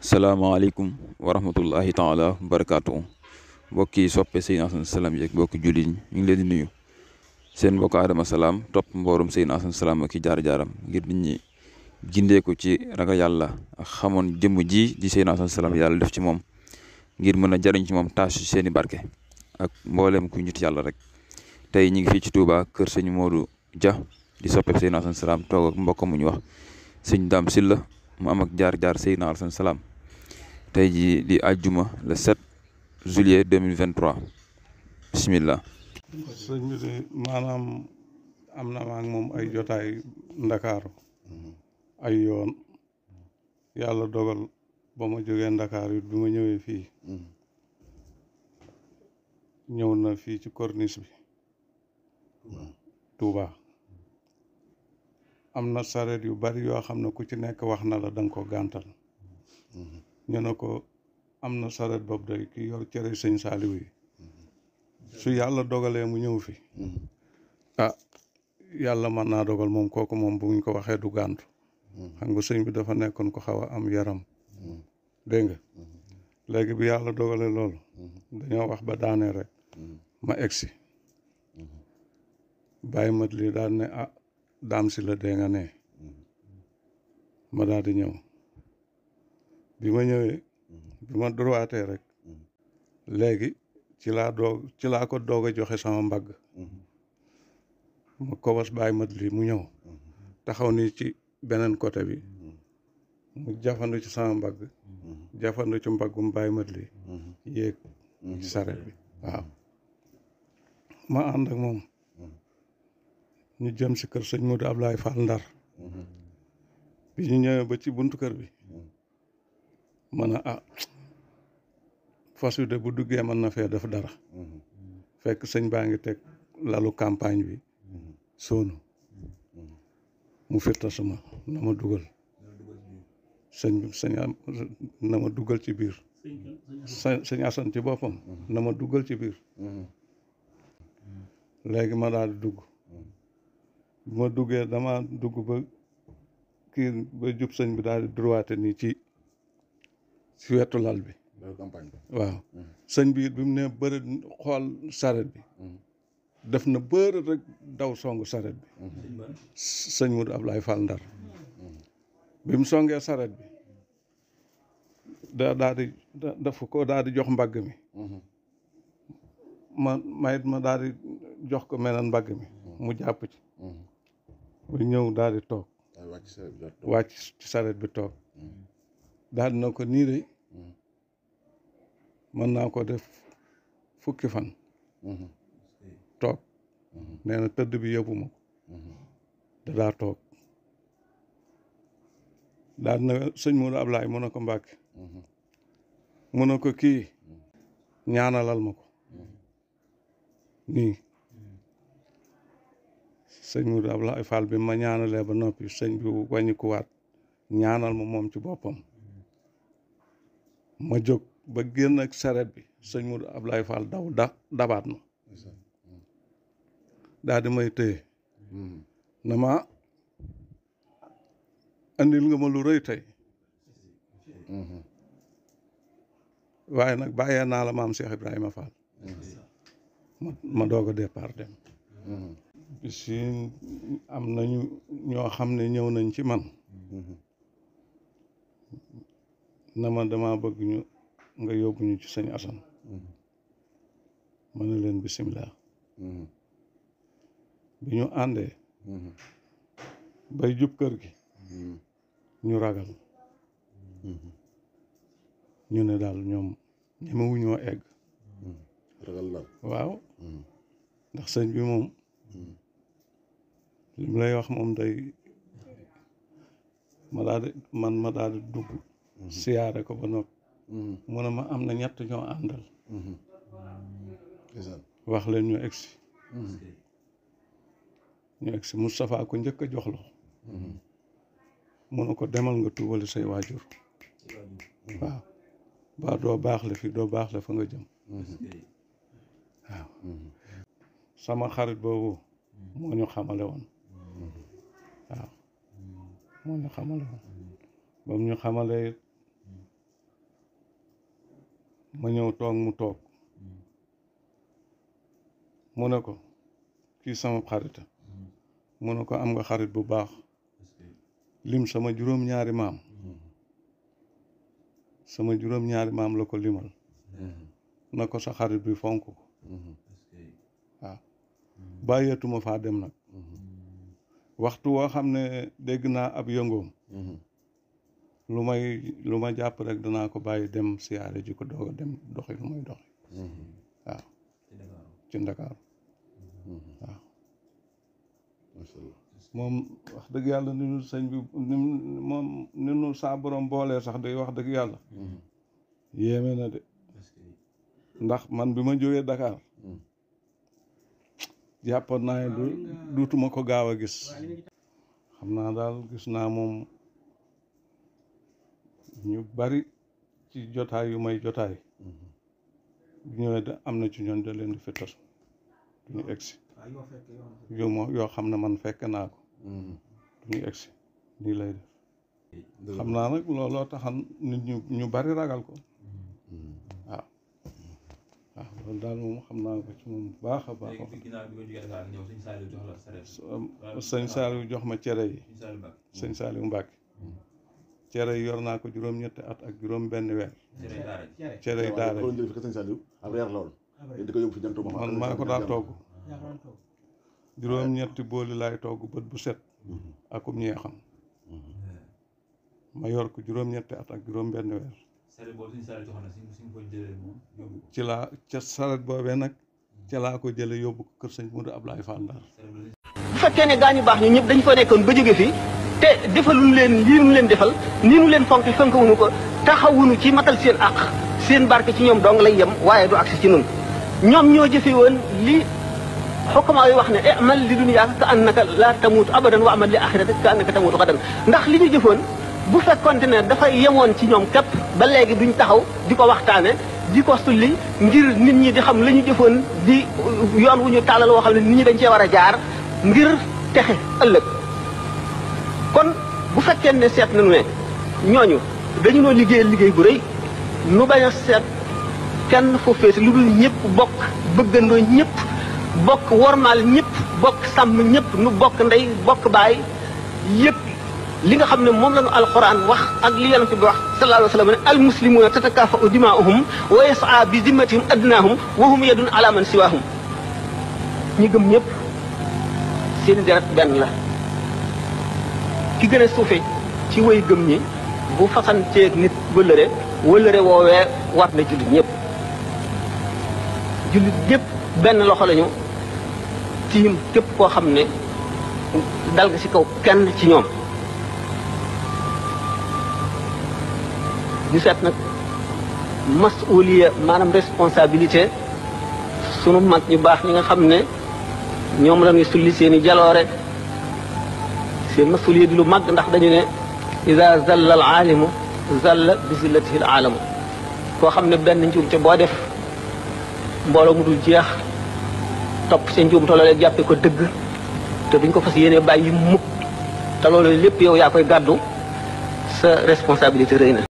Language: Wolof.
salaamaaleykum wa rahmatullahi taala wa barakaatu mbokk yi soppe Sëñ Asan Salaam yeeg mbokki jullit ñu ngi leen di nuyu seen mbokk Adama Salaam topp mboorum Sëñ Asan Salaam ak jaar-jaaram ngir nit ñi gindeeku ci ragal xamoon jëmm ji di Sëñ Salaam yàlla def ci moom ngir mën a jariñ ci moom taasu seen i barke ak mboolem ku ñut yàlla rek tey ñu ngi fii ci Touba kër sëñ Modou Dia di soppe Sëñ Asan Salaam toog ak mbokk mu ñu wax sëñ Dame Sylla mu am ak jaar-jaar Seydina Alassane Salam tey jii di àjjuma le 7 juillet 2023 bisimilah. sëñ bi de maanaam am na ma moom ay jotaay ndakaaru mm-hmm. ay yoon yàlla dogal ba ma jógee ndakaar yi bi ma ñëwee fii mm-hmm. ñëw na fii ci corniche bi mm-hmm. Touba am na sareet yu bari yoo xam ne ku ci nekk wax na la danga ko gàntal mm-hmm. ñu ne ko am na sareet boobu day ki yor cere sëñ saaliw yi mm-hmm. su yàlla dogalee mu ñëw fi mm-hmm. ah yàlla mën naa dogal moom kooku moom buñ ko waxee du gàntu xam nga sëñ bi dafa nekkoon ko xaw a am yaram dégg nga léegi bi yàlla dogalee loolu dañoo wax ba daanee rek ma egsi bàyyi mat lii daal ne ah daam si la dee nga ne ma daal di ñëw bi ma ñëwee bi ma droitee rek léegi ci laa doog ci laa ko doog a joxe sama mbagg ma kobos bàyyi mat lii mu ñëw taxaw nii ci beneen côté bi mu jafandu ci sama mbagg jafandu ci mbaggum bàyyi mat lii yéeg ci saret bi waaw ma ànd ak moom ñu jëm si kër sëñ Modou Ablaye Fall Ndar bi ñu ñëwee ba ci buntu kër bi ma ne ah, fas wi de bu duggee mën na fee def dara fekk sëñ baa ngi teg lalu campagne bi soonu mu firta suma na ma dugal sëñ sëñ na ma dugal ci biir sëñ Asan ci boppam na ma dugal ci biir léegi ma daal di dugg bu ma duggee dama dugg ba kii ba jub sëñ bi daal di droite nii ci ci wetu lal bi waaw mm-hmm. sëñ bi bi mu ne bërët xool saret bi mm-hmm. def na bërët rek daw songu saret bi mm-hmm. sëñ Modou Ablaye Fall Ndar bi mu songee saret bi da daa di ko daal jox mbagg mi ma mayit ma daal jox ko meneen mbagg mi mu jàpp ci mu ñëw daal toog wàcc ci saret bi toog mm-hmm. daal di na ko nii mm-hmm. mën naa ko def fukki fan mm-hmm. toog nee na tëdd bi yóbbu ma ko dadaa toog daal na sëñ Moodu Ablaay mu ne ko Mbàkke mu ne ko kii ñaanalal ma ko nii sëñ Mourou Abdoulaye Fall bi ma ñaanalee ba noppi sëñ bi wàññikuwaat ñaanal ma moom ci boppam ma jóg ba génn ak saret bi sëñ Mourou Abdoulaye Fall daw dabaat ma daal di may téye na ma andil nga ma lu rëy tey waaye nag bàyyee naa la maam Cheikh Ibrahima Fall ma doog a départ dem si am nañu ñoo xam ne ñëw nañ ci man na ma dama bëgg ñu nga yóbbu ñu ci sëñ Asan ma ne leen bisimilah bi ñu àndee bay jub kër gi ñu ragal ñu ne daal ñoom ñemewuñoo egg ragal waaw ndax sëñ bi moom lim lay wax moom day ma daal man ma daal dugg siyaare ko ba nopp mu ne ma am na ñett ñoo àndal wax leen ñu egsi ñu egsi Moustapha ko njëkk a jox loxo mu ne ko demal nga tuubali say waajur waaw ba doo baax le fii doo baax la fa nga jëm waaw sama xarit boobu hmm. moo ñu xamale woon hmm. waaw moo ñu xamale woon hmm. bam ñu xamale ma ñëw toog mu toog mu ne ko kii sama xarita mu ne ko am nga xarit bu baax lim sama juróom-ñaari maam sama juróom-ñaari maam la ko limal na ko sa xarit bi fonk ko bàyyeetuma faa dem nag mm-hmm. waxtu woo xam ne dégg naa ab yëngoom mm-hmm. lu may lu ma jàpp rek danaa ko bàyyi dem siyaare ji ko doog a dem doxi lu may doxi mm-hmm. waaw ci ndakaaru moom wax dëgg yàlla ni nu sëñ bi ni moom ni nu saa borom boolee sax day wax dëgg yàlla yéeme na de ndax man bi ma jógee Dakar mm. jàppoon naa ne du ko gaaw a gis xam naa daal gis naa moom ñu bari ci jotaay yu may jotaay mhm. ñëwee da am na ci ñoom da leen di fettal du ñu egsi yoo xam ne man fekk naa ko mhm. du ñu egsi nii lay def xam naa nag looloo taxan nit ñu bari ragal ko loolu daal moom xam naa ko ci moom baax a baax. léegi ginnaaw bi jox la cere. Um, sëñ jox ma cere yi. sëñ Saliou Mbacke. Hmm. cere yi yor naa ko juróom-ñetti at ak juróom-benn weer. cere yi daara yi man maa ko daan togg. juróom-ñetti booli togg bët bu set. Hmm. akum ñeexam. Hmm. ma yor ko juróom-ñetti at ak juróom-benn weer. saret boobu suñu saret joxoon na suñ suñ ko jëlee moom yóbbu ko. ci laa ca saret boobee nag ca laa ko jëlee yóbbu ko kër sëñ Modou Ablaye Fall Ndar. bu fekkee ne gaa ñu baax ñu ñëpp dañ ko nekkoon ba jóge fii te defaluñu leen lii nu leen defal ni nu leen fonk fonk wuñu ko taxawuñu ci matal seen ak seen barke ci ñoom dong lay yem waaye du agsi ci nun ñoom ñoo jëfee woon li xokkamaa yi wax ne amal li dunyaa ka annaka laa tamuutu abadan wa amal li axirata ka annaka tamuutu xadan ndax li ñu jëfoon bu fekkonte ne dafay yemoon ci ñoom képp ba léegi duñ taxaw di ko waxtaane di ko sulli ngir nit ñi di xam la ñu jëfoon di yoon wu ñu tàllal woo xam ne nit ñi dañ cee war a jaar ngir texe ëllëg kon bu fekkee ne seet nañu ne ñooñu dañu noo liggéey liggéey bu rëy nu bañ a seet kenn fu fees lu dul ñëpp bokk bëggandoo ñëpp bokk wormaal ñëpp bokk sàmm ñëpp nu bokk ndey bokk baay yëpp li nga xam ne moom lañu alquran wax ak li yonent bi wax sallallahu alayhi wa sallam ne almuslimuna tatakaafau dimaahum wa yasaa bi zimmatihim adnaahum wa hum yadun ala man siwaahum ñi gëm ñëpp seen deret benn la ki gën a suufe ci way gëm ñi bu fasanteeg nit wëllëre wëllëre woowee war na jullit ñëpp jullit ñëpp benn loxo lañu tiim képp koo xam ne dal nga si kaw kenn ci ñoom di seet nag masuliya maanaam responsabilité sunu mag ñu baax ñi nga xam ne ñoom la sulli seen i jaloore seen masuliya di lu mag ndax dañu ne ida zalla al aalimu zalla bi zillatihi al aalamu koo xam ne benn njuumte boo def mbooloo mu jeex topp sa njuumte loolee jàppe ko dëgg te duñ ko fas yéene bàyyi mukk te loolu lépp yow yaa koy gàddu sa responsabilité rey na